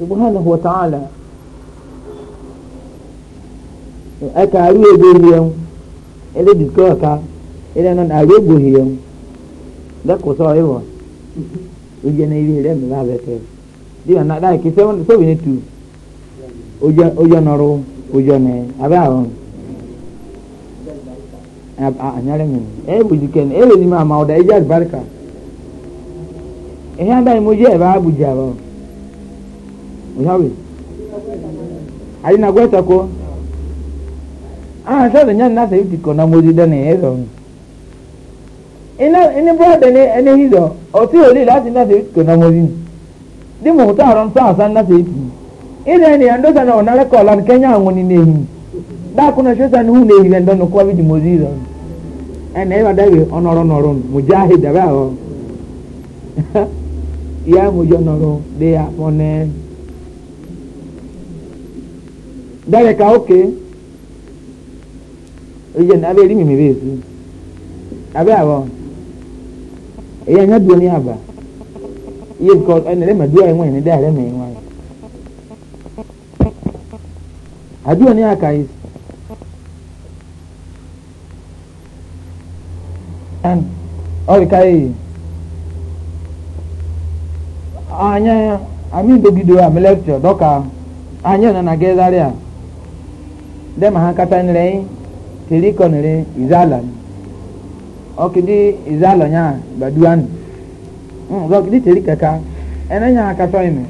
subhanahu wa ta'ala aka ari egohiyan ele dikko aka ele nan ari egohiyan da ko so ewo uje na iri re mi ba bete di na da ki se won so bi ni tu ojo ojo noro ojo ne abi awon anyare mi e bu diken e le ni ma ma o da e ja barka yawe alina gweta ko ah sasa nyani nasa yuti na mozi dane hizo ina ini brother ni ene hizo oti oli lati nasa yuti kona mozi di mo ta ron sa san nasa yuti ile ni ando sana onale ko lan kenya ngoni nehi da kuna shesa ni hu nehi ndo no kwa bidi mozi hizo ene ba dawe onoro noro mujahid ba ho ya mujono de ya pone dare ka oke ije na abe elimi mibezi abe abo iya nya duoni aba iye ko ene le madua enwe ni dare me enwe adua ni aka is and ori kai e. anya ami dogido am lecture anya na na ma ha kata nire tiriko nire izala okidi izala nya baduan mm zo kidi tirika ka ene nya ha kata ime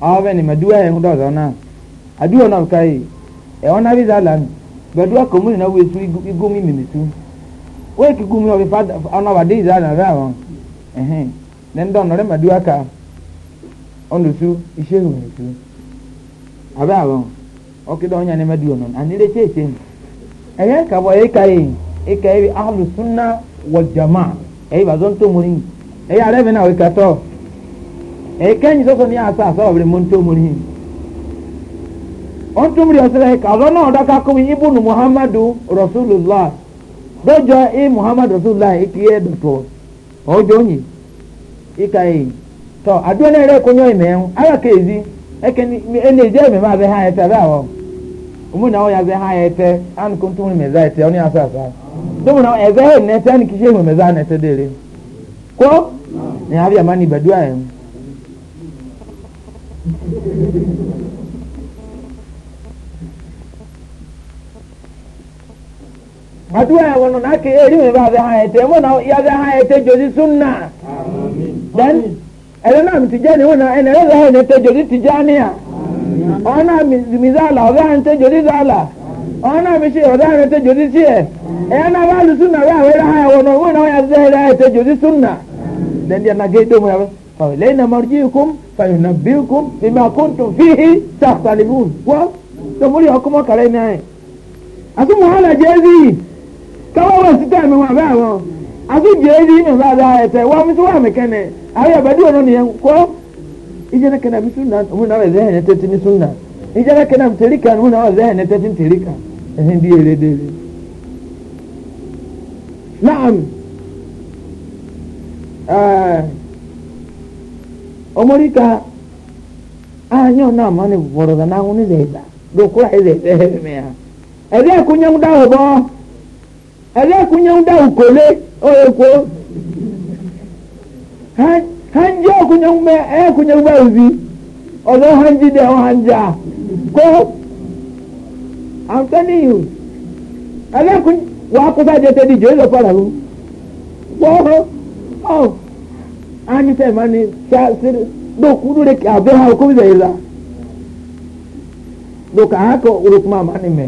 awe ni madua e hudo zona aduo na kai e. e ona bi zala badua komuni na wesu igumi mimitu we kigumi obi fada ona wa de izala ra won ehe nen don nore madua ka ondusu ishehu nitu abe awon okido onya ne madu non anile chechen eya ka bo e kai e kai ahlu sunna wal jamaa e ba zon to muri e ya na we ka to e kenyi so so ni asa so obre mon to muri on to muri asere ka lo na oda ka ko muhammadu rasulullah dojo e muhammad rasulullah e kiye do to ojo nyi e kai to aduwa na ere ko nyo ime ara ka ezi ekeni ene je ime ma be ha eta ba wo umu na ya ze ha ya ete an kuntum ni meza ete oni asa asa domo na eze he ne ete an kishe hu meza na ete dele ko ni abi amani badua em badua ya wono na ke eri me ba ze ha ete mo na ya ze ha ete jozi sunna amen then ele na mtijani wona ene ele ha ete jozi tijani ya ọ̀nà mìzàlà ọ̀gá ń tẹ́ jòdì zàlà ọ̀nà mìṣe ọ̀gá ń tẹ́ jòdì tiẹ̀ ẹ̀yàn náà wàá lùsùn náà wàá wẹ́rẹ́ hàn wọ̀nà wọ́n náà yà zẹ́ rẹ̀ tẹ́ jòdì sùn náà lẹ́ndí ẹ̀nà gé dómù yàrá fàwílẹ́ iná mọ̀rọ̀jì ikún fàyọ̀nà bí ikún bímọ akóńtùn fíhí sàkàlìbùn wọ́n tòmúrì ọkọ́mọ kàrẹ́ náà yẹn. àti muhammed jẹ́ẹ́sì káwọ́ wọ̀ sí tẹ̀mí wọn àbẹ́ àwọn àti jẹ́ẹ́sì yìí nà bá ijana kana bi sunna mun na zehe ne tetin sunna ijana kana mtirika mun na zehe ne tetin tirika eh ndi ele dele na'am eh omorika anyo na mane boro da na ngune zeba do kula ile zehe me ya ele akunya muda obo ele akunya muda ukole oyeko hai hanji akunyaguma ɛyɛ akunyaguma eh, ozi ɔno hanji deɛ ɔhanji a ko i'm telling you ɛbɛ kun wa de tɛ di jo lɔ fara o ko ɔ oh. anyi sɛ ma ni sa siri do kuru de a bɛ ha o ko bɛ la do ka ha kɛ ma ni mɛ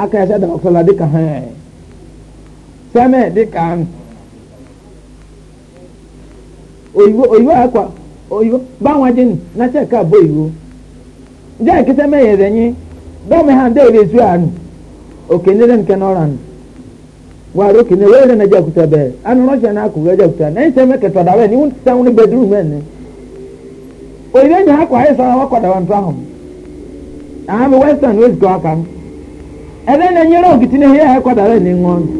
a kɛ da dama fɔlɔ de ka hɛn sɛmɛ de ka. oyibo oyibo akwa oyibo gbanwa jin na cheka bụ oyibo ndị a nkịta meghere nye dọmi ha ndị ebe ezu anụ okenere nke n'ọrụ nụ. gwara okenye were na jakuta be anụ rọshia na akụ wee jakuta na ịsa eme ketọ wee n'iwu ntịsa nwụrụ bedrum ene oyibo enyi ha kwa ịsa ọwa kwadawa ntụ ahụ ahụ western wezikọ aka m ebe na-enyere ogiti na ihe ha kwadara na ịṅụ ọnụ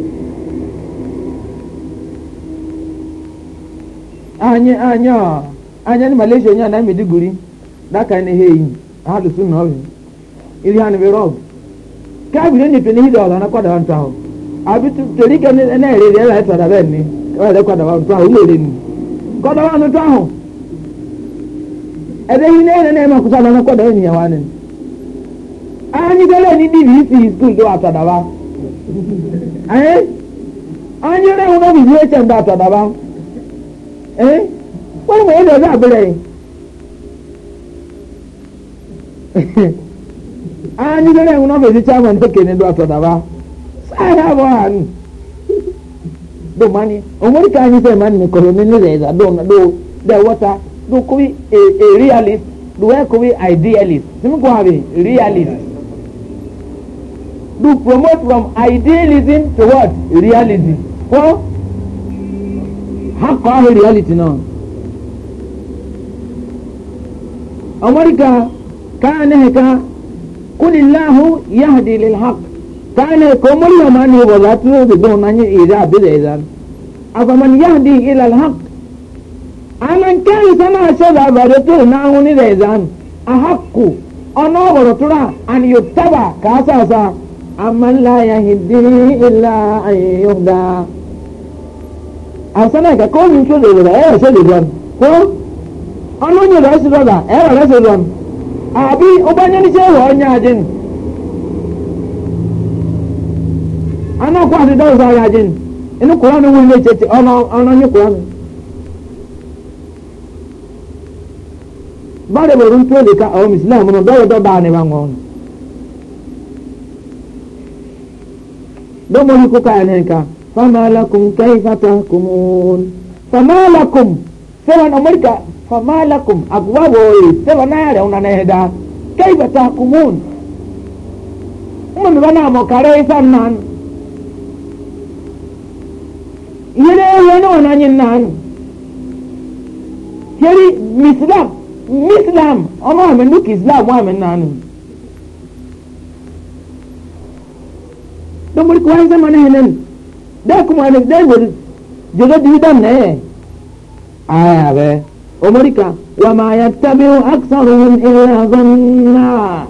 anya anya anya ni malaysia nya na mediguri daka ni heyi hadu sunna obi ili han be rob ka bi ni pe ni hido ala na kwada wan tawo abi tu tori ka ni na ere re la tada ben ni ka le kwada wan tawo le re ni kwada wan tawo ebe hi ne ne ma kusala na kwada ni ya wanin anyi gele ni dvc school do atada ba eh anyi re uno bi je chanda atada wọ́n mú ẹ̀rọ ọ̀dọ́ àbúrò yìí. Ah, a ní lórí náà fèsì chairman tó kéde lọ́wọ́ sọ̀dàbà sáyà bọ̀ hànú. do mani omori ka ni sey mani ko ni reza do na do the water do ko bi a, a realist do we ko bi idealist sim ko have realist do promote from idealism to what realism ko hakọ ahụ reality nọ ọmọdika kaa ne ka kunilahu yahdi lil haq kaa ne ka ọmọdika yọ maa ne wọ lati o de dọn n'anye ira abira ira afaman yahdi ila al haq anan kẹrin sani aṣọ làbàdé tó n'ahun ni rẹ ira ahaku ọ̀nà ọ̀rọ̀ tura àni yóò taba kàá sàásà amanla yahdi ila ayé yóò dáa asana ka ko min so le le e se le don ko ono nyo le se don e re se don abi o ba nyo ni se wo nya ajin ana ko ati do sa ajin inu quran wo le che che ono ono nyo quran bare bo run to le ka o islam no do do ba ne ba ngon do mo ni ko ka ne ka فما لكم كيف تحكمون فما لكم سبحان أمريكا فما لكم أقوابه سبحان يرون نهدا كيف تحكمون من بنا مكاري سنان yere wani wani nan yeri mislam mislam ọmọ àmì nukì islam wà mí nànú domori kò wáyé sẹ́mọ̀ náà nínú dai kuma ne dai wuri jogo di dan ne aya be omorika wa ma yattabi'u aktsaruhum illa dhanna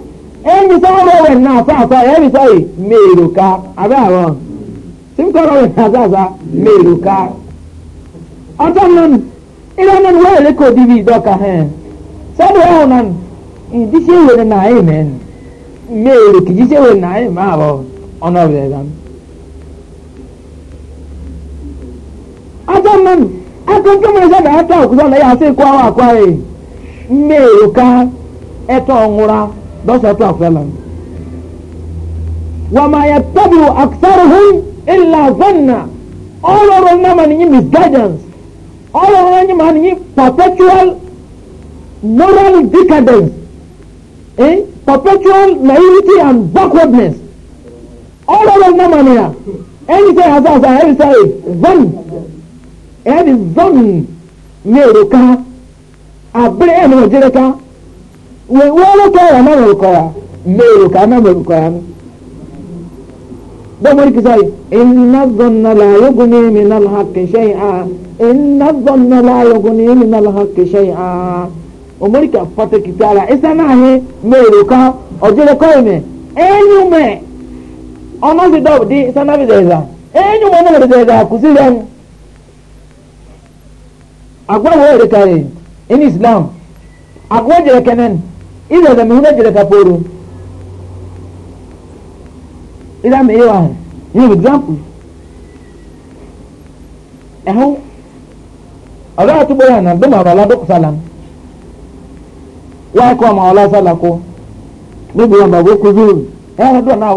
en so ro we na fa fa e bi sai mero ka aba wa sim ko ro we na sa sa mero ka otan nan ira nan wa le ko di bi ka he sabu wa nan idise we na amen mero ki dise we na amen ma ba ono be dan aja mmanụ aka nke mmadụ ga-ata okwuzo na ya asị kwawa akwaghị mmeyo ka eto nwụra dọsa tụ akwela wama yattabu aksaruhum illa zanna ọlọrọ na ma ninyi misguidance ọlọrọ na ma ninyi perpetual moral decadence eh? perpetual naivety and backwardness ọlọrọ na ma niya ẹni sẹ yà sá sá ẹni sẹ yà zanna ɛyɛdi zɔn nyere ka abiri ɛna jere ka wɔwɔlɔ kɛyɛ ɛna mɛri kɔya mɛri ka ɛna mɛri kɔya no dɔmɔri kisa yi ina zɔn na la yogo ne mi na la ha kisɛ yi a ina zɔn na la yogo ne mi na la ha kisɛ yi a omori ka fata kita la isa naa ye mɛri ka ɔjere kɔyi mɛ ɛnu mɛ ɔnɔ bi dɔw di isa naa zan ɛnu mɛ ɔnɔ bi zɛ zan kusi lɛnu. agwa wo re e, in islam agwa jere kenen ida da mihuna jere ka poru ida me yawa you example na do ma bala salam ma ọla salakọ ko ma bo zuru eh na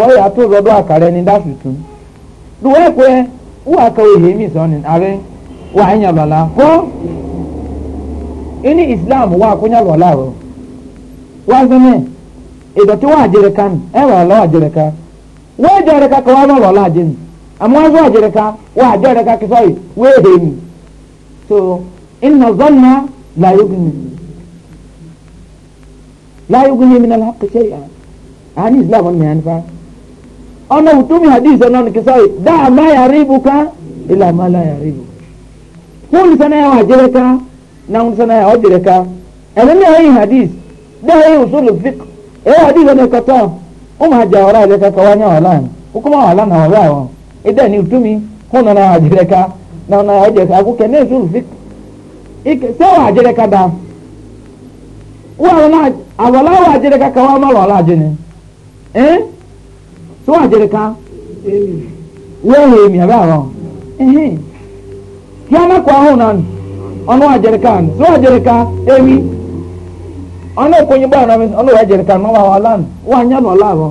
wa ya wa anya lola ko ini islam wa kunya lola o wa zeme idoti wa jereka e wa lo jereka wa jereka ko wa lola jin amma wa jereka wa jereka ki sai we he ni so inna dhanna la yughni la yughni min al-haqq shay'an ani islam wannan yani fa ana utumi hadisi nan ki sai da ma yaribuka ila ma la yaribuka hun sana ya wajere na hun sana ya wajere ka ẹni ní ọyìn hadith bẹ́ẹ̀ yìí òṣòlù fik ẹ̀ hadith ọ̀nà kọ́tọ́ ọmọ àjà ọ̀rọ̀ àjẹká kọ́wá ní ọ̀la ọkọ̀ máa wà lánàá ọ̀rọ̀ ni hun wajere na hun wajere ka ka ka yana kwa honan ono ajerkan so ajerka emi ono konyi ba na ono ajerkan no ba walan wa nya no la ba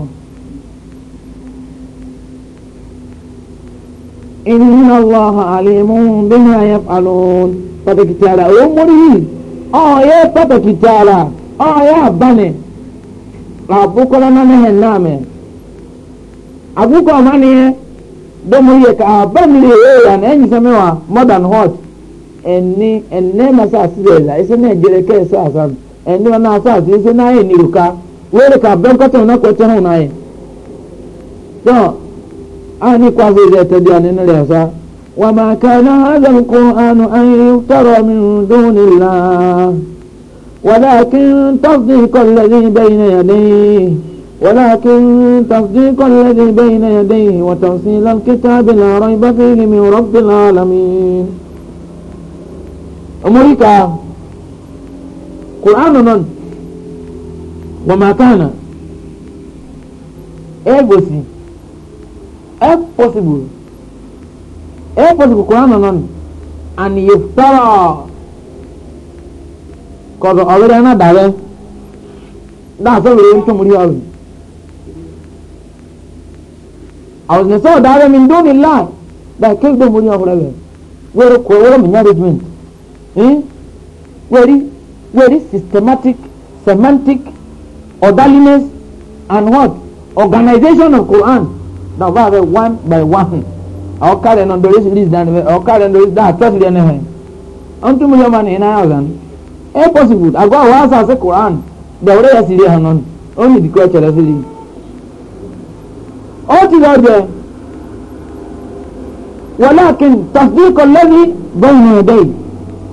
inna allah alimun bima yaf'alun pata kitara o mori o ye pata kitara o ya bane la bukola na ne hename abuko mani dɔm yɛ ka aban le eya na enyi sɛmɛ wa modern hot ɛni ɛnɛ na sa asi de la ese na egyere kɛ ɛsɛ asa ɛni na asa asi ese na ayɛ niruka wɛrɛ ka abɛn kɔtɔn na kɔtɔn ho na yɛ tɔ ani kwasi yɛ tɛ ani ne lɛ sa wama kana adam kur'anu an yutara min duni la walakin tasdi kɔlɔdi bɛyi na yɛ dee. ولكن تصديق الذي بين يديه وتفصيل الكتاب لا ريب فيه من رب العالمين أمريكا قرآن من وما كان egosi if possible if possible quran nan and yiftara kọdọ ọbẹrẹ náà dàbẹ dáhà sọ wẹrẹ ń tó múri ọbẹ àwọn òṣèlú sọ̀rọ̀ dáhùn mi dóni láì dáì kéwì dóni mo ní ọ̀hún rẹ̀ wẹ́rẹ́ kọ́ wẹ́rẹ́ mi ní arrangement wẹ́rí wẹ́rí systematic semantic orderliness and what organization of quran na ọba abẹ one by one ọkà rẹ náà doris list dan bẹ ọkà rẹ doris dan atọ́sí rẹ náà hẹn ọ̀n tún mi yọ ma ní nine thousand ẹ possible àgọ́ àwọn àṣà àṣẹ quran dẹ̀wọ́rẹ́ yẹ sí rí hàn náà ó ní ìdíkọ́ ẹ̀kyẹ̀rẹ́ sí rí i. أوتي ذلك ولكن تصديق الذي بين يديه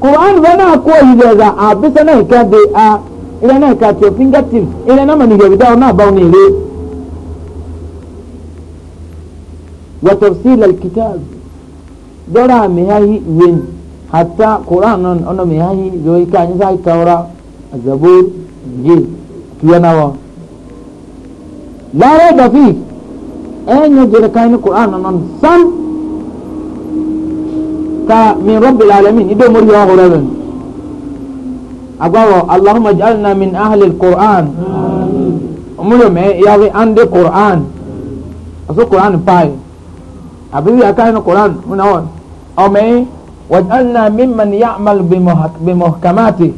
قرآن وانا أقوى إذا أبسا نيكا دي أ إلى نيكا تشوفين قتل إلى نما نجيب دا ونا باوني لي وتفصيل الكتاب دورا مهاي وين حتى قرآن أنا مهاي زوي كان يساي تورا الزبور جي كيانا لا ريب فيه أين جركاين القرآن نن سن تا من رب العالمين يدو مريا غرابن أقوى اللهم اجعلنا من أهل القرآن أمولو مي يغي عندي قرآن أسو قرآن باي أبيبي أكاين القرآن من أول أو مي واجعلنا ممن يعمل بمحكماته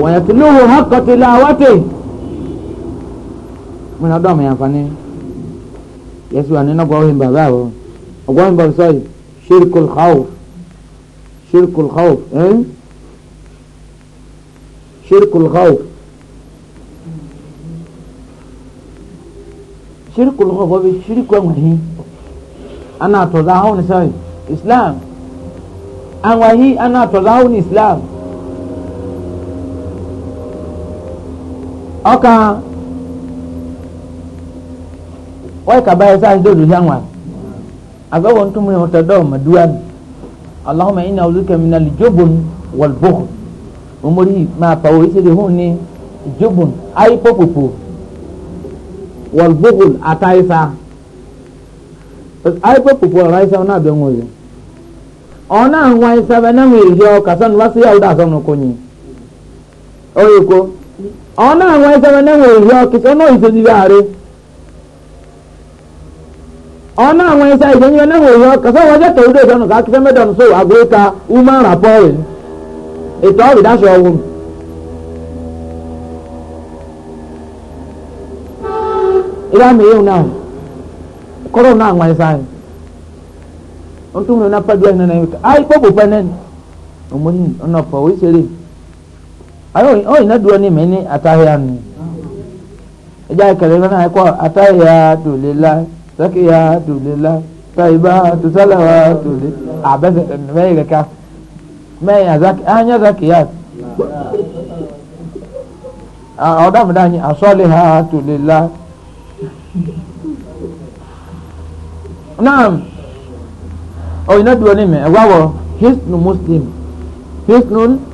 wọ̀nyẹ̀tìlúhù hakọ̀tìlá wọ́tì mo náà dọ̀mọ̀ yàn fani yẹsi wà nínú ọgọ́rin bàbá o ọgọ́rin bàbá sọ̀rọ̀ ṣírkùl xawf ṣírkùl xawf ẹ́n eh? ṣírkùl xawf ṣírkùl xawf wọ́n fi ṣírkù ẹ̀wọ̀n yìí ní sọ̀rọ̀ islam àwọn yìí ana àtọ̀dá ní islam. ọka wọ́n yìí kaba yẹ sáà ndé olùhí àwọn àgbẹ̀wò ntúmù yẹn wọ́tẹ̀ dọ́wọ́ màdúwà mi aláhùnmá iná olùkẹ́ mi náà na wọ̀lbùn omori máa pàwọ́ yìí ṣẹlẹ̀ hùn ní ìjọ́bùn ayé pọ̀pọ̀pọ̀ wọ̀lbùn àtàyèsá ayé pọ̀pọ̀pọ̀ ọ̀rọ̀ ayé sáwọn náà bẹ̀ wọ́n yìí ọ̀nà àwọn ayé sábẹ̀ náà wọ́n yìí yọ kásánù wá sí yàwó dà sọ́nù kọ́nyìn ọ̀rọ̀ ọ na-anwa ezebe na enwere ihe ọkịka ọ nọghizozibe arụ ọ na-anwa ịsa ihe nye na enwere ihe ọkịka sọ wọjọ ka udo ịdọnụ ka akịka medọn so agụ ka ume nrapọ ọrịa ịtọ ọrịa dasha ọnwụ m ila miyo na koro na ngwa sai ontu na padwa na na ai popo panen omoni ayo oh ina duwa ni mini atahya ni ija kare bana ko atahya tu lillah takiya tu lillah taiba tu salawa tu abasa ah, mai ga ka mai azak ah, anya zakiya a ah, oda mu dani asaliha tu lillah naam o oh, ina duwa ni me wawo hisnu muslim hisnun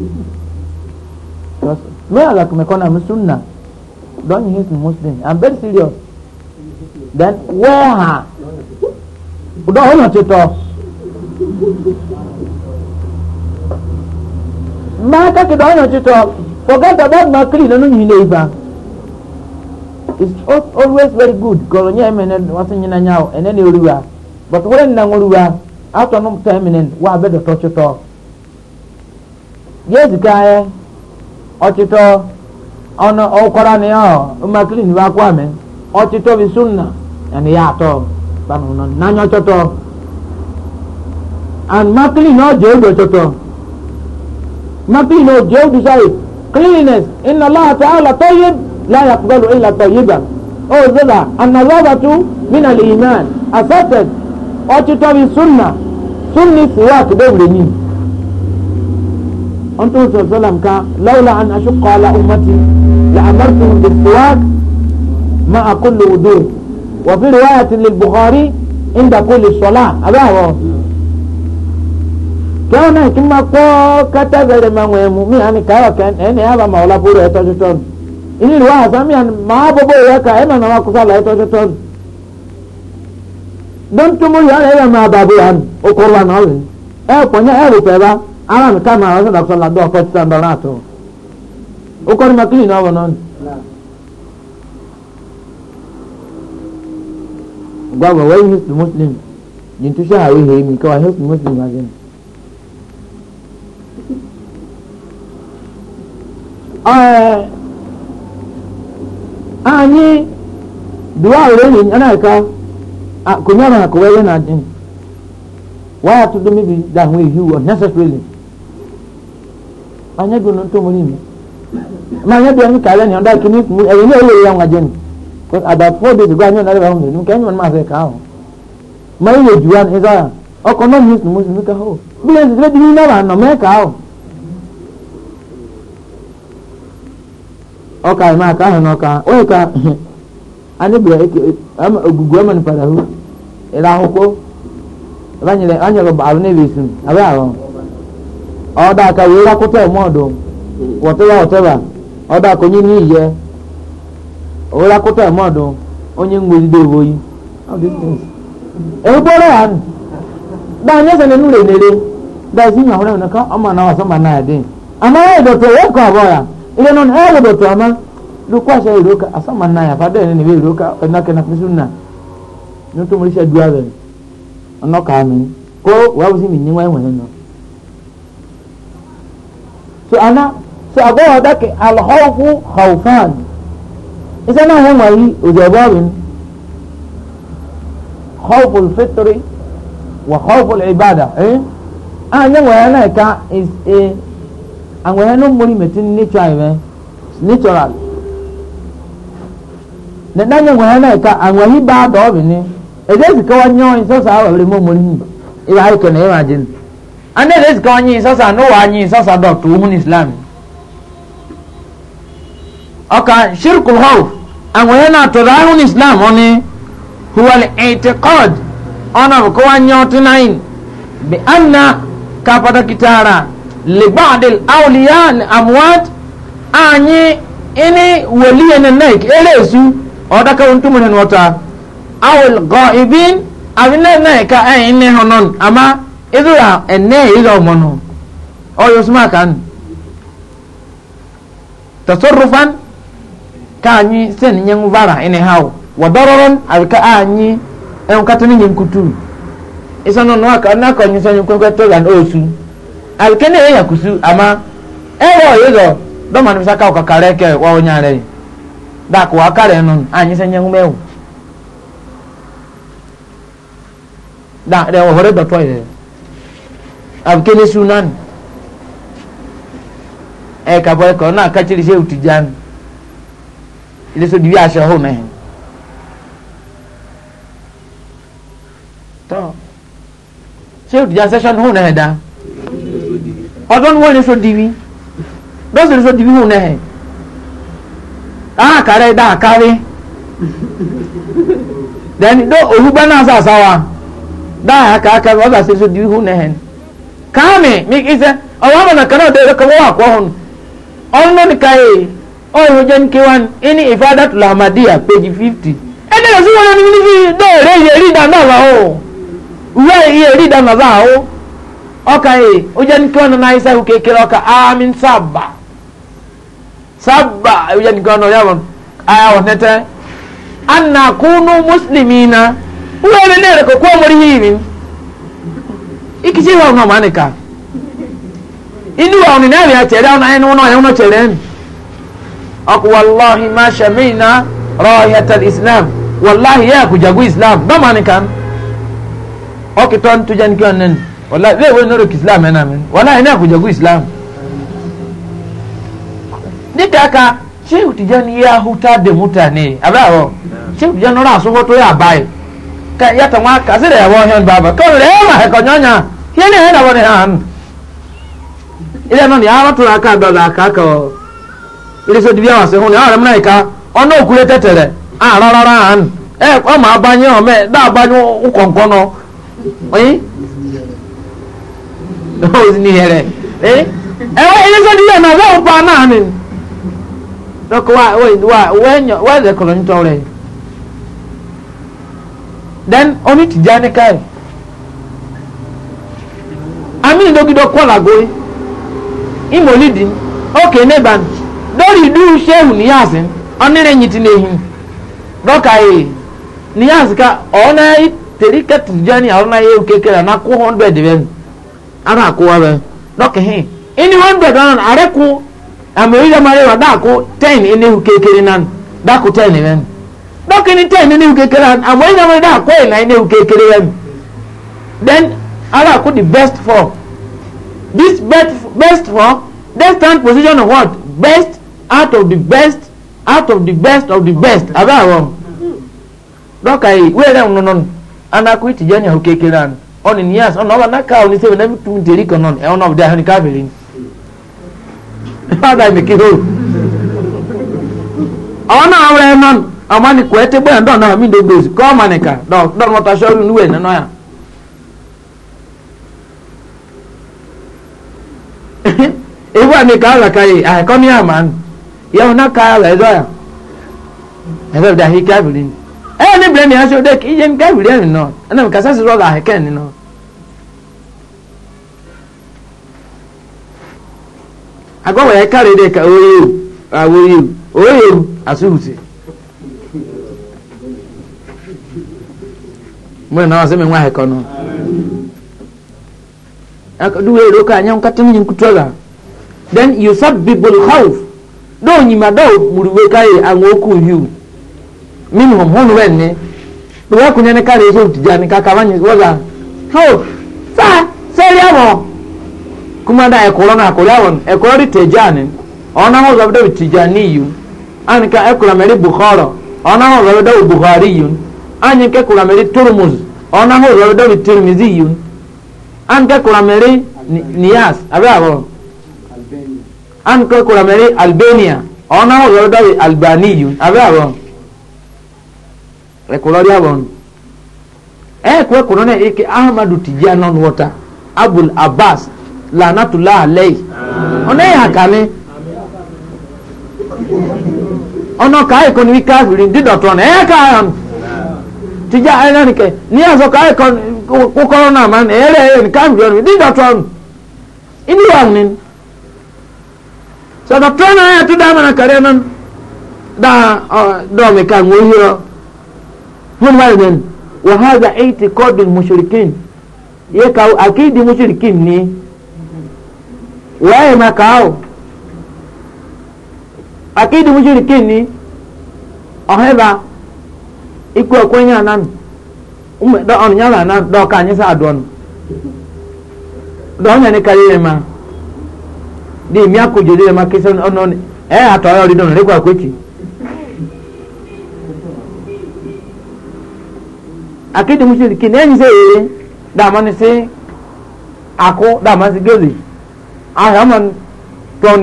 Because Where like Mekona Musunna, don't hate Muslim. I'm very serious. Then where? Don't hold it off. Maka ke don't hold it off. Forget about Makri, no ni neighbor. It's always very good. Kolonya emene wasa nyina nyao, enene uruwa. But when nanguluwa, after no time enen, wa bedo tocho to. ga ọchịchọ ọnụ ọkwara na ya ọ makilin bụ akwa mee ọchịchọ bụ ya atọ kpanụ chọtọ n'anya ọchọtọ and dị ọjọ egbe ọchọtọ makilin ọjọ egbe sorry cleanliness inna allah ta'ala tayyib la yaqbalu illa tayyiban o oh, zaba annazabatu iman accepted ọchịchọ bụ sunna sunni أنت صلى الله عليه لولا أن أشق على أمتي لأمرتهم بالسواك مع كل وضوء وفي رواية للبخاري عند كل صلاة أباه كان كما قو كتبر ما مي يعني كاو كان أنا هذا ما ولا بورو يتوشتون إن الواحد سامي ما بابو يكا إما نما كسالة يتوشتون دمتم يا إما ما بابو أن أقربان أوي أه قنيا أه بتبا ala mi kama ọsọ dàkọsọ ladọ ọkọ títà mbà látọ ụkọ ni makilin ọwọ nọ ni. gwagwa wai his the muslim jin tu sha hawi he mi kawai his the muslim ba gani eh anyi duwa ore ni ana ka a na ko wai na din wa to do mi ehi da hu yi anya gbɛ nonto mo nini ma anya gbɛ ni kaala ni ɔda kini kun ɛyɛ ni ɛyɛ yɛn wajɛ ni about four days ago anya nare ba hundu nuka ɛni wɔn ma fɛ kaa o ma yi yɛ juwa ni ɛzaa ɔkɔ ma mi sunu sunu ka o bile n sisire dimi nara nɔ mɛ kaa o ɔka yi ma kaa hɛn ɔka oye ka ani bila eke ama ogugu ama ni padahu ɛlɛ ahoko ɛlɛ anyɛlɛ anyɛlɛ baalu ne bi sun abe awɔ ọ̀dà àkàwé rákútẹ̀ mọ́ọ̀dùn wọ̀tẹ́wà wọ̀tẹ́wà ọ̀dà àkọ́nyé ní ìyẹ́ òwe rákútẹ̀ mọ́ọ̀dùn onye ngwezide ewo yi egboro ya nù bá a nyẹ sẹ nínú rẹ nìyẹrẹ bá a sì yàn wọn nìkan ọmọ náà wàásù ọmọ náà dín àmọ ẹ dọtọ ẹ kọ àbọ ya ilé nínú ẹ yẹ dọtọ ọmọ lókọ àṣẹ ìrókà àsọmọ náà yà fàdé ẹni níbi ìrókà ẹnà kẹnà nà ní mo rí dúró rẹ ọ̀nà mi kó wàá wọ́n sì mí níwáyé wọ̀nyẹn náà. Si ana so agogo dake alhawfu hawfan isa na hon wayi ujababin hawfu alfitri wa hawfu alibada eh anya waya na ka is e, a an waya no muri metin ni chai me eh, eh? natural na danya waya na ka an wayi ba do bi ni e de ka wanyo so sa wa le mo muri ni ila ai ko ne imagine ane lezi ka wanyi sasa no wanyi sasa do tu mun islam aka shirkul khawf an wena to da mun islam oni huwa al-i'tiqad ona ko wanyo tunain bi anna ka pada kitara li ba'd al-awliya al-amwat anyi ini waliya na naik elesu oda ka untu mun wata awil ghaibin abinna ne eh, honon ama ịdụra ene ịga ọmọnụ ọyọ smaka nụ tasorufan ka anyị sen nye ngwara ịnị ha wadọrọrọ abika anyị enkata n'inye nkutu ịsanọ nụ aka na akọ nyisa nye nkwenkwe toga na osu abika na eya kusu ama ẹwọ ịdọ dọmanụ bisa ka ọkakara eke wa onye ara ya dakụ akara nụ anyị sen nye da da ọhọrọ dọtọ ya abukele sunan ẹ kabọ ẹkọ náà kàtsiri ṣe òtújánu ilé so dibi aṣọ ọhún náà tọ ṣe òtújánu sẹṣọn ọhún náà dá ọdún wọn lè so dibi dọ́sìn lè so dibi ọhún náà dáhàkárẹ́ dáhàkárẹ́ dẹ́ni dọ́ olùgbẹ́ náà da wa dáhàkárẹ́ ọ̀dà ṣe so dibi ọhún náà kaame mi isa awa mana kana da ka wa ko hon onon kai oyo jen kiwan ini ifadat lahmadia page 50 ene so wona ni ni do re ye ri da na ba o we ye ri da na ba o okay o e, jen kiwan na isa u ke kira ka amin sabba sabba o jen kiwan no yawon aya nete anna kunu muslimina we ne ne ko ko mori himin kiche wa una manika inu wa una nani atere una enu una enu chelen aku wallahi ma shamina rahiyatal islam wallahi ya kujagu islam no manikan okiton tujan kion nen wallahi we we noro islam ena men wallahi na kujagu islam nikaka shehu tijani ya hutade mutane abawo shehu tijani ora so hoto ya bai ka yata mwa kazire ya wohen baba ko lema he konyonya yẹn yẹn dàbọ̀ ní àánú ilé náà ní àwọn aka náà ká dọ̀là àkàkà ọ̀ ilé sọ dìbí àwọn àṣehùn ka àwọn ọ̀rẹ́mìnà ìka ọ̀nà òkúlé tẹ̀tẹ̀rẹ̀ àárọ̀ nọ amini dogido kwala goyi imolidi oke neban dori du shehu ni yazin onere nyiti nehi doka e ni yazika ona e terika tijani ona e ukekera na ku 100 ben ara ku wa ben doka he ini 100 ana are ku ameida mare wa da ku 10 ini ukekere nan da ku 10 ben doka ni 10 ini ukekera ameida mare da ku ina ini ukekere ben then Allah put the best form. This best, best form, they stand position of what? Best out of the best, out of the best of the best. Have I wrong? Dọ́kà yìí, wíwẹ̀ rẹ̀ ń nọ́nọ́nù, anakú ìtìjẹ́ ni àwọn kékeré àná, ọ̀nà ní yàtọ̀, ọ̀nà ọba náà ká òní sẹ́wọ̀n náà tún tẹ̀rí kan náà, ẹ̀wọ̀n náà ọ̀dẹ́ àhẹ́ni káfíìrì ni. Fáàdà ìmìkì hó. Àwọn náà wọ̀rẹ̀ ẹ̀ náà, àwọn ànìkù I'm tẹ́gbẹ́ ẹ̀ dọ̀ náà mí dé gbèsè, kọ́ ọ̀mà nìkà, dọ̀ ewa mi ka ala kai ah come here man ya una ka ala edo ya edo da hi ka bulin eh ni bre ni aso de ki jem ka bulin no ana mi ka sa so la heken ni no agwa wa ka re de ka oyi awoyi ah, oyi asuhusi mo na wa se me wa hekon no akaduwe roka nyam katin nyin kutola then yusabbibul khawf do nyima do muruwe kai angoku yu minhum hunu wenne ruwa kunyane kare so tijani kaka wanyi wala so sa ya mo? kuma da ekoro na akoro awon ekoro ri tejani ona ho zabdo tijani yu anka ekura meri bukhara ona ho zabdo bukhari yu anyi ke kura meri turmuz ona ho zabdo tirmizi yu an ka kuramere niyas abe abo an ka kuramere albania ona wo yoro dawe albaniyun abe abo rekulori abon e kwe kunone ike ahmadu tijana wota abul abbas lanatullah alayhi ona ya kani? ona kai kon wi kafirin didotona e ka tija ayna nike niyas o kai kon kukɔrɔ na ma na ɛyɛrɛ ɛyɛ nka mbiyɔ no di dɔtɔ no ini yɛ ɔnin sɛ dɔtɔ na yɛ to daa mana kariya na daa ɔ dɔɔ mi ka ŋo yirɔ hun ma yɛ nɛni wa ha za eiti kɔdun mushrikin yɛ ka akidi mushrikin ni wɔyɛ ma kaaw akidi mushrikin ni ɔhɛ ba ikú ɛkó nyɛ anan. ụmụ do on nyala na do ka nyi sa don do nya ni kali ma di mi aku jodi ma kisa on on e ato yo ri don re kwa kwechi akidi mushi ki ne nyi se e da ma ni se ako da ma si geli a ha man ton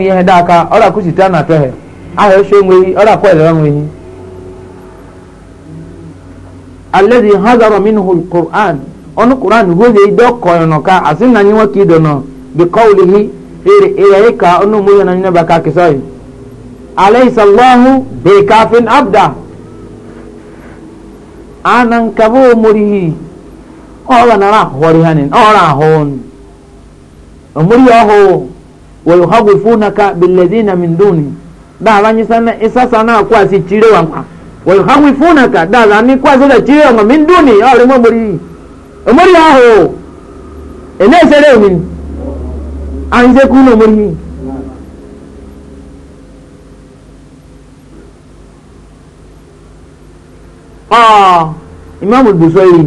na to he a he so ngwe ora alladhi hadara minhu alquran onu quran hoje do koyono ka asin nanyi waki dono bi qawlihi ir ilayka onu muyo nanyi baka kisai alaysa allah bi kafin abda anan kabo murihi owa nara hori hanin ora hon na oho wa yuhawifunaka billadhina min duni da banyi sana isa sana kwa si chire wa wayuhawifunaka dala ni kwazira chiyo nga min duni ale mo muri omuri aho ene sere min anje kuno muri ah imam al-busairi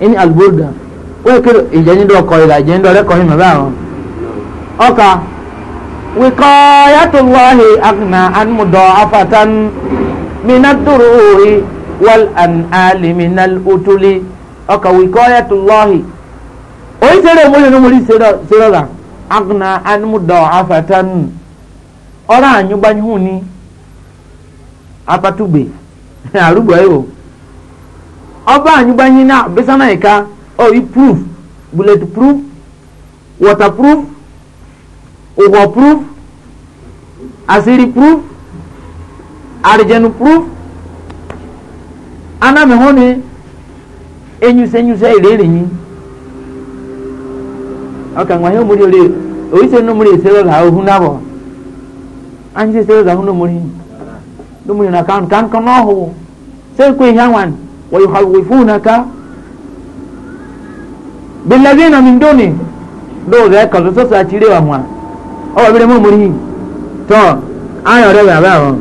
ini al-burda we kero ijeni do ko ila ijeni do le ko hin ba won oka wiqayatullahi agna an mudafatan من الدروع والأنعال من الأتل أكا وقاية الله أي سيرة مولي نمولي سيرة سيرة أغنى أن مضاعفة أرى أن يبان هوني أباتوبي arúgbó ẹ o أبا ànyúgbányí náà bísánà ìka ọ أو proof bullet proof water proof òwò proof àṣírí proof arjanu proof anami honi enyuse enyuse irere yin ọkà nwa ihe omori ore oise n'omori esere ọla ohu n'abọ anyị si esere ọla ohu n'omori n'omori na kan kan nkọ n'ọhụ sekwe ihe anwan wọyọ ha wefu n'aka bilabi na mindoni lóòrè kọlọsọsọ àti ilé wa hùwà ọwọ abẹrẹ mọ omori tọ ayọrẹ wẹ abẹ àwọn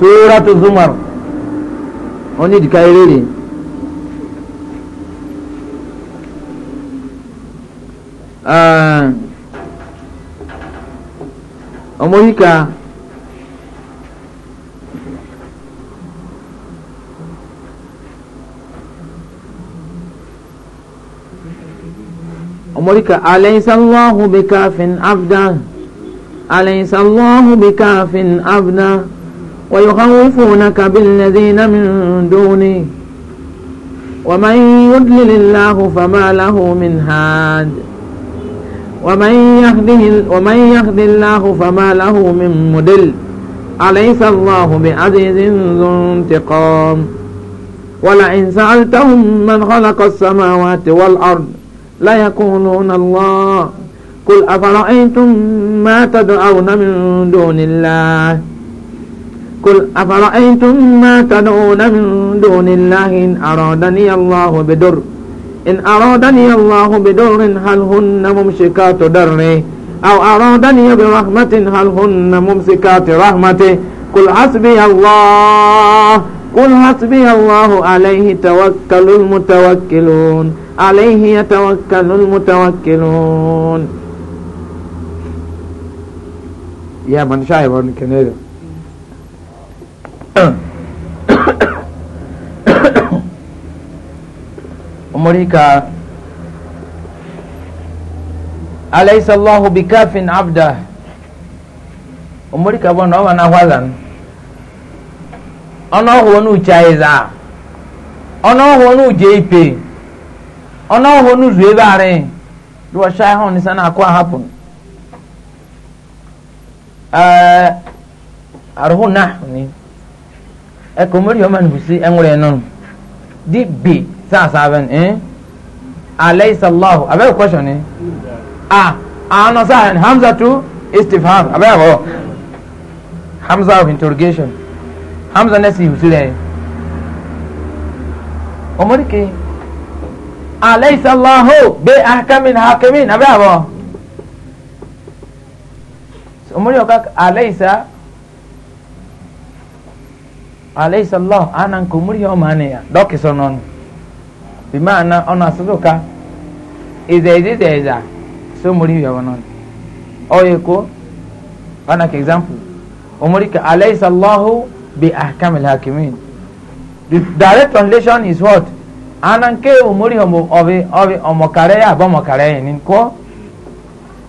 suratu zumar wọ́n ní ìdíkà eré rèé. Ah. ọmọ yìí ka ọmọ yìí ka alaisallahu ويخوفونك بالذين من دونه ومن يدلل الله فما له من هاد ومن يهد ومن يهد الله فما له من مدل أليس الله بعزيز ذو انتقام ولئن سألتهم من خلق السماوات والأرض ليقولون الله قل أفرأيتم ما تدعون من دون الله قل أفرأيتم ما تدعون من دون الله إن أرادني الله بدر إن أرادني الله بدر هل هن ممسكات دري أو أرادني برحمة هل هن ممسكات رحمتي قل حسبي الله قل حسبي الله عليه توكل المتوكلون عليه يتوكل المتوكلون يا من شايفون كنيرو umurika alaysa allahu bikafin abda umurika bwana oba na hwazan ono ho nu chaiza ono ho nu jeipe ono ho nu zuebare do shay hon ni sana akwa hapun eh arhu nahni ekomori oman busi enwere non di bi sa saben eh alaysa allah abe question eh ah ana sa hamza tu istifham abe ho hamza of interrogation hamza nasi usile omori ke alaysa allah bi ahkamin hakimin abe ho omori oka alaysa alayhi sallahu anan kumuri yau mane ya doki sonon bi ma'ana ona suzuka ka, iza iza iza so muri yau non oye ko ana ka example umuri ka alayhi sallahu bi ahkamil hakimin the direct translation is what anan ke umuri homo obi obi omokare ya ba omokare ni ko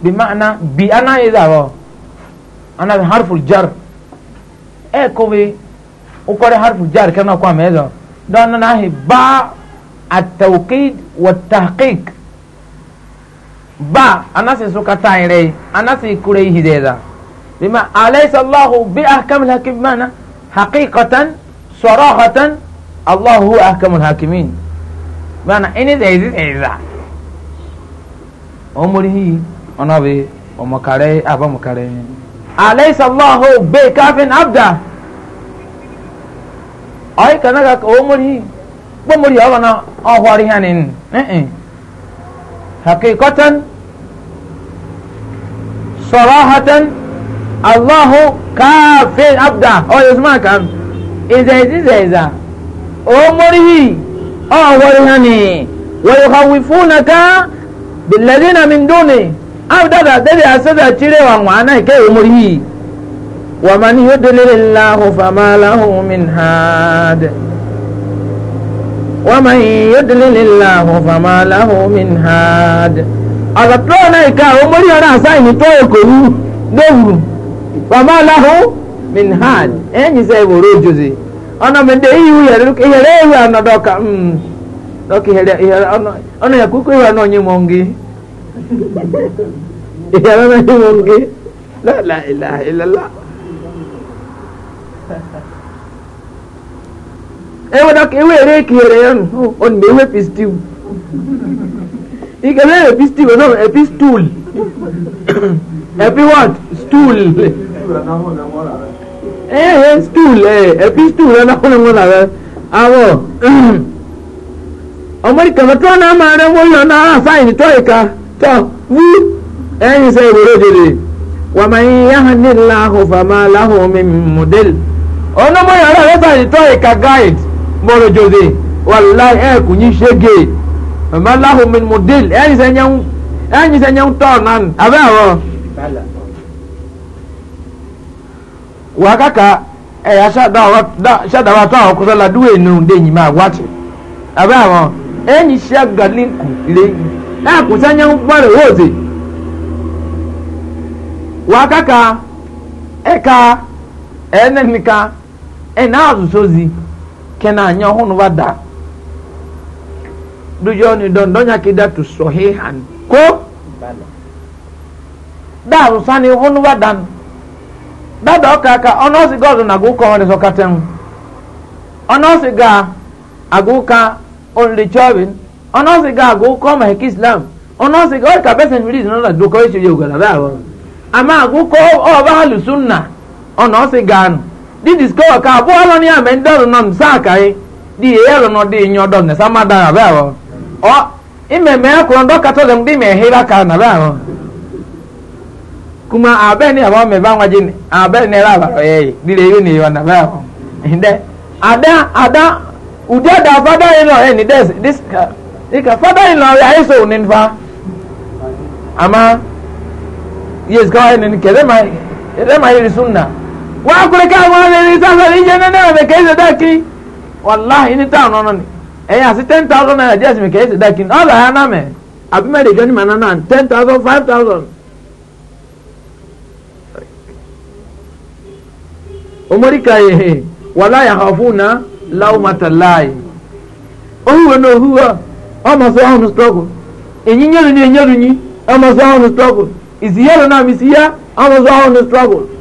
Bima ana, bi ana iza ro ana harful jar e ukore harfu jar kana kwa mezo don na hi ba at-tawqid wa tahqiq ba anasi suka tayre anasi kure hideza bima alaysa allah bi ahkam al-hakim mana haqiqatan sarahatan allah huwa ahkam al-hakimin mana ini da izi iza omuri hi onabe omokare abamokare alaysa allah bi kafin abda ọyị ka na ka o mori kpọ mori ọ na ọ hwari ha nin eh hakikatan sarahatan allahu kafin abda ọ yẹ suma kan ìzẹ ìzẹ ìzẹ o mori ọ hwari ka, ni wọ́n yóò wí na ká bìlẹ́dínà mi dúnni abdada dédé asẹ́dà tirẹ̀ wà wọn náà ìkẹyẹ mori yìí. ومن يدلل الله فما له من هاد ومن يدلل الله فما له من هاد àgbàtọ́ náà ìka àwọn mórí ọ̀rọ̀ àsáyìn tó èkó ní lóhùn bàbá aláhùn minhad ẹ̀yìn sẹ́ ìwòrò òjòzè ọ̀nà mẹ́tẹ́ ìhù ìhẹ̀rẹ́ ìhù ànàdọ́ka ọ̀nà ìyàkúkú ìhù ànà ọ̀nyẹ́ mọ́ngé mm. ìhẹ̀rẹ́ ọ̀nà ọ̀nyẹ́ mọ́ngé lọ́la ìlà ìlàlá. ewe dọka ewe ere kiere ya nụ ọ na ewe pistil ike mere epi stil ọdọ epi stool epi what stool ee eh, eh, stool ee eh, epi stool ẹ n'ahụ n'enwe n'ahụ awọ ọmọdé kàmẹtọ náà máa rẹ wọlé ọ náà ah, fáyìn tó ìka tó wú ẹyìn sẹ ìwòrò dèrè wàmáyé yahanilá ahùfàmà láhùn mi mọdẹl ọ̀nà mọ̀ yàrá rẹ fáyìn tó ìka guide moro jose wallahi e ku nyi shege ma lahu min mudil e ni senyan e ni senyan to nan abe awo wa kaka e ya shada wa shada wa to ko sala duwe nu de nyi ma wati abe awo e ni shagalin ku le na ku senyan bare hoze wa kaka eka ene nika ena azusozi kena anya hunu wada dujo ni don donya kidatu sahihan ko da usani hunu wadan da da ka ka onosi gozo na guko woni so katem onosi ga aguka only chobin onosi ga aguko ma ka besen miri no ama di discover ka abu alo ni ame ndoro na msa kai e. di yelo no di nyodo ne sama da ba o o ime me ndo ka to di me hira ka na ba o kuma abe ni abo me ba waje ni abe ni ra ba eh di le ni yo na ba o inde ada ada uja da father in law eh des this ka father in law ya iso ni fa ama yes go ni kede mai kede mai sunna wọ́n á kúrẹ́ káwọn ọ̀rẹ́rẹ́ sáfẹ́ ìjẹ́ nínú ẹ̀rẹ́ kẹ́yìn ṣe dákì wàláhì ten thousand naira díẹ̀ sì mi ya náà mẹ́ àbí mẹ́rin ìjọ ten thousand five thousand. omori kàyè wàláhì àhọ̀fún náà láwùmọ̀tà láàyè òhùwẹ̀ náà òhùwẹ̀ nyi na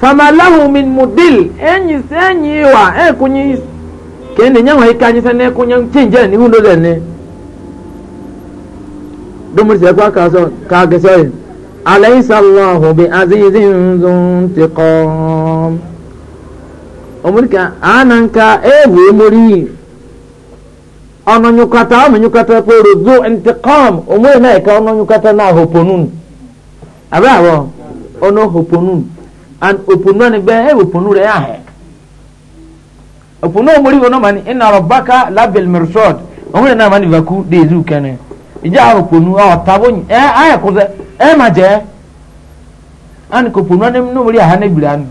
famalahu min mudil enyi senyi wa e kunyi kende nyang hai kanyi sene kunyang chinje ni hundo dene dumur se kwa kaso ka gese alaysa allah bi azizin zuntiqam omurka ananka e bu muri ono nyukata ono nyukata ko ruzu intiqam omwe na ka ono nyukata na hoponun abawo ono hoponun and oponu ani bɛɛ ɛ oponu rɛ ahɛ oponu omori wo nomani ina rɔbaka labil mirsɔd ɔmo nana mani vaku de ezu kɛnɛ ìjà àwọn oponu ɔ tabo nyi ɛ eh, ayɛ kosɛ ɛ eh, ma jɛ ani ko oponu ani nomori aha ne bira ni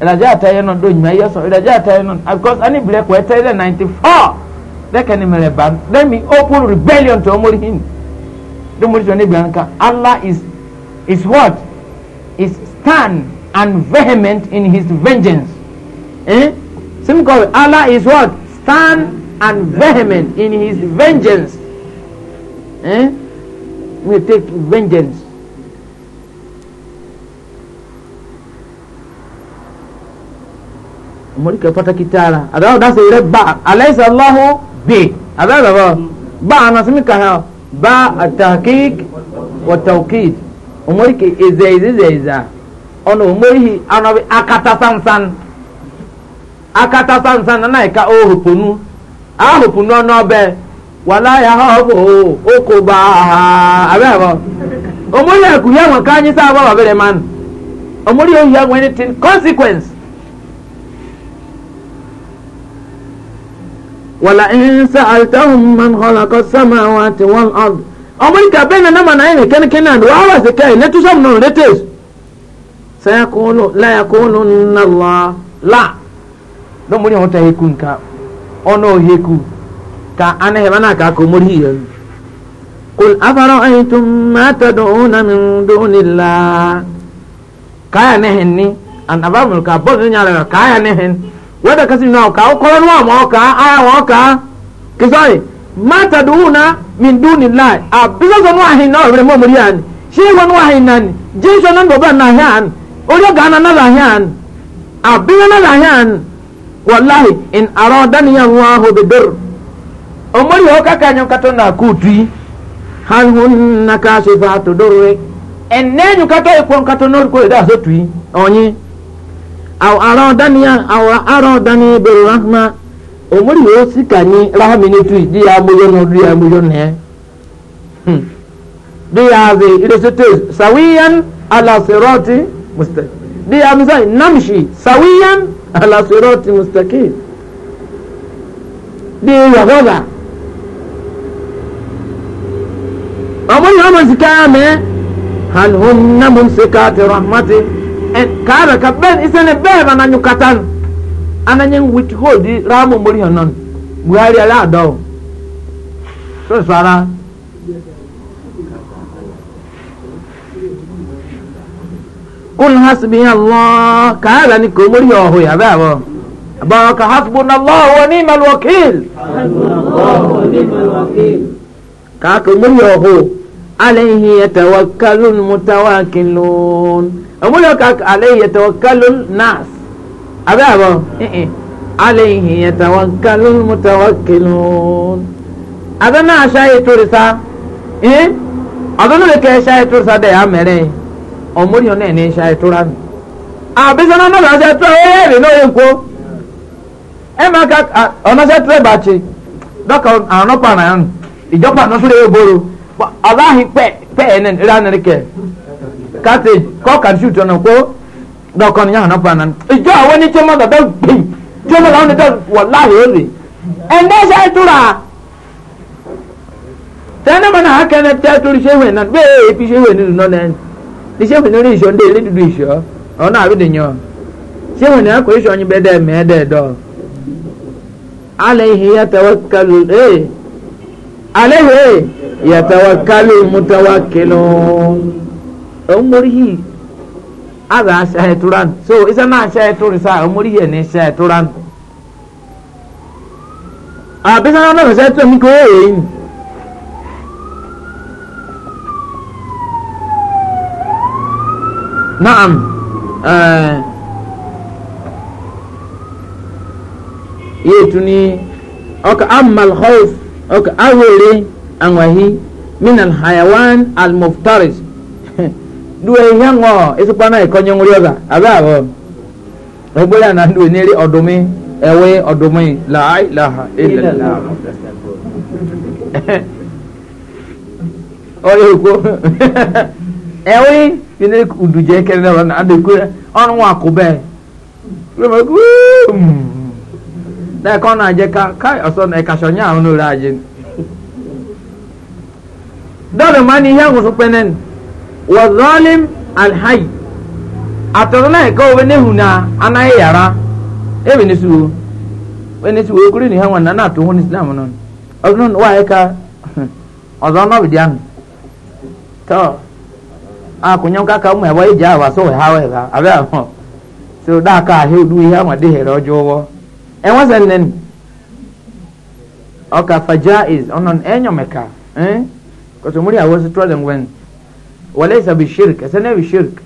ìdájọ́ ata yẹn náà dóyìn ayé sọ ìdájọ́ ata yẹn náà because ani bira kò ɛtɛ yẹn ninety four lẹ́kẹ̀ ni mẹrẹ ba let me open rebellion to omori him domori sọ ne bira nka allah is is what is stand and vehement in his vengeance. Eh? Some call Allah is what? Stern and vehement in his vengeance. Eh? We take vengeance. mọ̀lìkẹ́ pátákì tí ara àdáwò dáṣe rẹ̀ bá aláìsàn aláhùn bè àbẹ́rẹ̀ bọ̀ bá anasimi kàhà bá àtàkìk wọ̀tàkìd ọmọlìkẹ́ ẹ̀zẹ̀ ẹ̀zẹ̀ ẹ̀zẹ̀ ọ̀nà òmòrìhì ọ̀nà akata sansan akata sansan nana ẹ̀ka ọ̀hùpùnú ahùpùnú ọ̀nà ọbẹ̀ wàláyà ọ̀hùpù ọ̀kọ̀bà abẹ́ bọ̀ òmòrìhì ẹ̀kú yẹ wọn káyé sáà bọ̀ bàbẹ̀rẹ̀ man òmòrìhì ẹ̀kú yẹ wọn anything consequence. man ẹ̀ńsà àtàwọn mọ̀nkọ́lákọ́ wati ti wọ́n ọ̀d ọmọdé kàbẹ́ẹ̀ na mọ̀ náà yẹn kẹ́nikẹ́ni àná wàhálà sí káyé létúsọ̀mù náà létèsù sayakulu layakulu nala la don mori hota heku nka ono heku ka ana heba na ka ko mori yan qul afara'aytum ma tad'una min dunillah kaya ne henni an abamul ka bon nyala kaya ne hen wada kasi na ka ko ron wa mo ka aya wa ka kisai ma tad'una min dunillah a bizo zo no ahin no re mo mori yan shi won wa hin nan jinso nan go ban na han onye ga-ana na narahian abinye narahian wallahi in aradani ya nwa ahụ bidor omori ọka ka anyị nkatọ na kutu hal hunna kasifatu durri enne nyukato ikwo nkato norko da so tui onyi aw aradani ya aw aradani bil rahma omori yo sikani rahmi ni tui di ya muyo no di ya muyo ne hmm di ya ze ile sete sawiyan ala sirati مستقيم دي أمزين نمشي سويا على صراط مستقيم دي يغضى أمي هم سكامة هل هم ممسكات رحمته kaara ka bɛn isɛnɛ bɛɛ ba na nyukatan ana nye withhold raamu mori hɔ nɔn buhari ala adɔw so sara. So, kul hasbi allah kaala ni komori oho ya ba bo baraka hasbuna allah wa ni'mal wakil ka komori oho alayhi yatawakkalu mutawakkilun amuli ka alayhi yatawakkalu nas aba bo eh eh alayhi yatawakkalu mutawakkilun adana ashayi turisa eh adana ke ashayi turisa da ya mere ọmọdé yẹn náà ní ṣe àìtura mi àbísọ náà náà ṣe tura ẹ ẹ rìn lóye nkó ẹ e máa ka ọ̀nà ṣe tura ìbàtì dọ́kà àwọn ọ̀nà pàrọ̀ yẹn ìjọba àná tó lè yẹ boro aláhi pẹ pẹ ẹ nẹni rà nẹni kẹ káàtì kọ́ọ̀kà ṣù tó nà kó dọ́kà ọ̀nà yẹn àná pàrọ̀ yẹn ìjọ àwọn ní tíyẹ́mọ́ dọ̀dọ̀ gbìn tíyẹ́mọ́ làwọn ní dọ̀dọ̀ wọ̀ láàyè ó rè ẹ̀ ní ṣe àìtura tẹ́lẹ̀ mọ́ náà kẹ́ni tẹ́ torí ṣe wẹ̀ náà bẹ́ẹ̀ èpì ṣe wẹ̀ nínú náà náà ni shehu ni ri iso nde ile dudu iso ona abidi nyo shehu ni ako iso nyi bede me de do alayhi yatawakkalu eh alayhi eh. yatawakkalu mutawakkilun umurihi ada shayturan so isa na shayturi sa umurihi ni shayturan abisa ah, na na shayturi mi ko yin eh. نعم آه يتني أك أما الخوف أك أولي أنوهي من الحيوان المفترس dùwẹ̀ ihe ńwọ̀ ịsịkwa na ịkọ nyonwere ọza abịa abụọ egbere na ndụ nyere ọdụmị ewe ọdụmị laa ilaha ilala ọrịa ekwo ewe ene udu je kere na ade ku on wa ku be le na na ka kai na ka so nya onu ra je dole mani ya ku supenen wa ka owe ne huna anaghị yara ebe eh, ne suwo wene suwo ni nwa na na atụ islam nọ ka ọzọ akunyam kaka umu ewa ija awa so hawe la abe amo so da ka he du ihe ama de here ojo wo e won se nen oka faja is onon enyo meka eh ko to muri awo stro den wen walaysa bi shirk asana bi shirk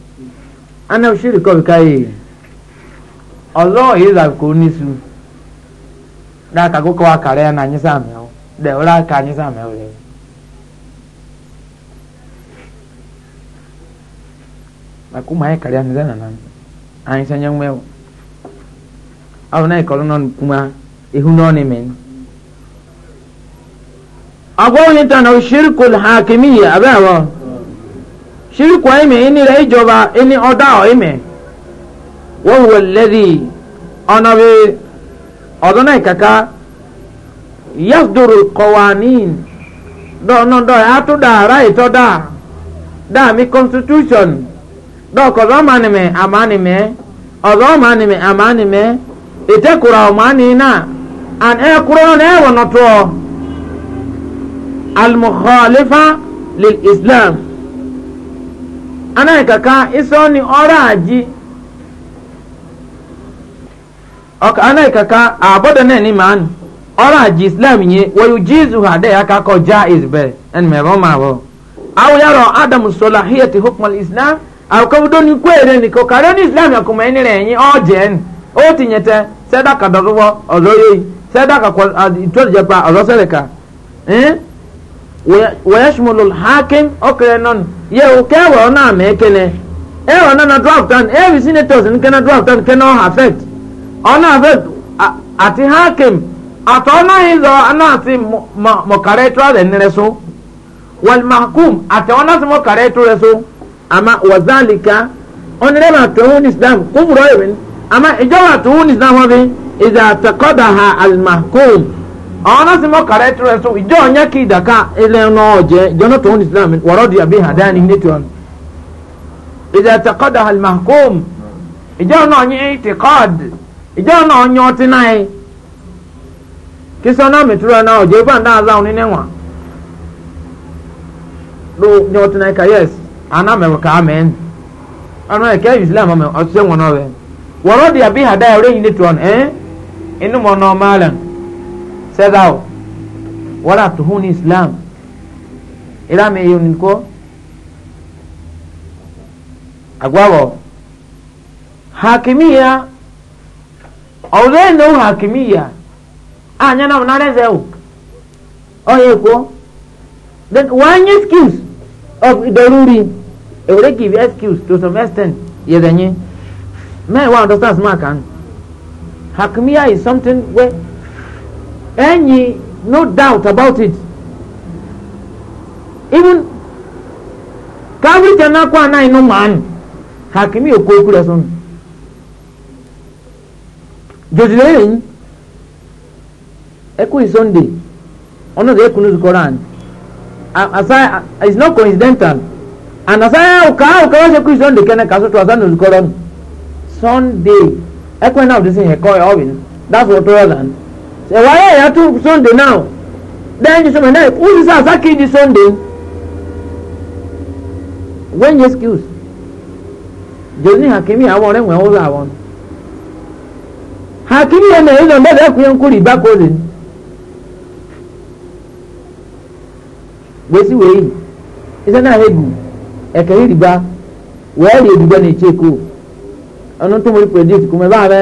ana shirk ko kai ozo ila ko nisu da ka go ko akare na nyisa me o de ora ka nyisa me o akuma ayi kari ani zana nan anyi sanya ŋmɛw awo na ikɔlɔ nɔn kuma ihu nɔni mɛn agbawo yin tana o shirku hakimi abe awɔ shirku ayi mɛ ini rɛ ijɔba ini ɔda ayi mɛ wɔwɔ lɛdi ɔnɔ bi ɔdɔ na ikaka yasdoro kɔwani dɔnɔ dɔ yatu da ara itɔ da da mi constitution dɔk ɔzɔ mani mɛ amani mɛ ɔzɔ mani mɛ amani mɛ ete kura ɔmani na an ɛ e kura na ɛ e wɔ nɔtɔ alimukhalifa lil islam ana yi kaka isɔni ɔraaji ɔka ana yi kaka abɔdɔ na ni maani ɔraaji islam nye wɔyu jizu ha de aka kɔ jaa is bɛ ɛnumɛ bɔ maa bɔ awo yarɔ adamu solahiyati hukumal islam. akabudo ni kwere ni ko kare ni islam ya kuma ni renyi o jen o tinyete seda ka dogo ozo yi seda ka ko to je pa ozo seleka eh wa yashmulu al hakim okre non ye o ke wa na me kene e o na na draft and every senators in kana draft and kana affect ona affect ati hakim atona hizo anasi mo kare to de nreso wal mahkum atona mo kare to reso ama wazalika onirema tuhun islam kufuru ewin ama ìjọba tuhun islam wọn bi ìdá àtẹkọdà ha alimahkum ọ̀nà sì mọ kàrẹ́ tirẹ̀ so ìjọ ọ̀nyẹ́ kí ìdàkà ilẹ̀ ọ̀nà ọ̀jẹ́ ìjọ́nà tuhun islam wọ̀rọ̀ di àbí hàdáni nítorí wọn. ìdá àtẹkọdà ha alimahkum ìjọ ọ̀nà ọ̀nyẹ́ ìtìkọ́d ìjọ ọ̀nà ọ̀nyẹ́ ọtí náà kí sọ́nà mìtúrọ̀ náà ọ̀jẹ́ ìbáǹdà àzáwọn nínú ẹ̀wọ̀n ló ní ọtí náà kà yẹ́sì. ana mɛ ka amɛn ɔno ɛkɛ islam amɛ ɔsɛ wɔn ɔbɛ wɔrɔ di abi hada ɛwɔrɛ yi ne eh? toɔ no ɛn ɛnum ɔnɔ maalɛn sɛdaw wɔrɔ atuhu ni islam ɛrɛ amɛ yɛ onikɔ agwabɔ hakimiya ɔwɔrɛ yi ne hakimiya a nyɛ na ɔna rɛ o ɔyɛ kɔ then one excuse of doruri. e were give excuse to some extent yedenye men wa understand smart kan hakmiya is something where any no doubt about it even kawri jana kwa na inu man hakimi oko oku rẹ sọnù jòjìlẹ yìí ẹkùn sunday ọ̀nà ìdẹ́kùn ní sukọ̀rọ̀ and as i it's not coincidental. And as I anasa uka uka wọ́n ṣe kristu ọ̀nde kẹ́nẹ́ kaso tó asanu olùkọ́lọ́ nù sunday ẹ̀kọ́ náà ọ̀dẹ́sẹ̀ yẹn kọ́ ọ̀bì ní that's what all and ṣe wáyé ẹ̀yà tó sunday now then you sọmọ náà who is asaki di sunday when you excuse jòlí hakimi àwọn ọ̀rẹ́ wọn ọ̀rọ̀ àwọn hakimi yẹn náà yẹn náà bẹ́ẹ̀ bẹ́ẹ̀ kú yẹn kúrì bá kó lè ní. wesi wei ise na hebu ekeri riba wɛɛri edigbo na ekyeko ɔno ntomori predict kumɛ baamɛ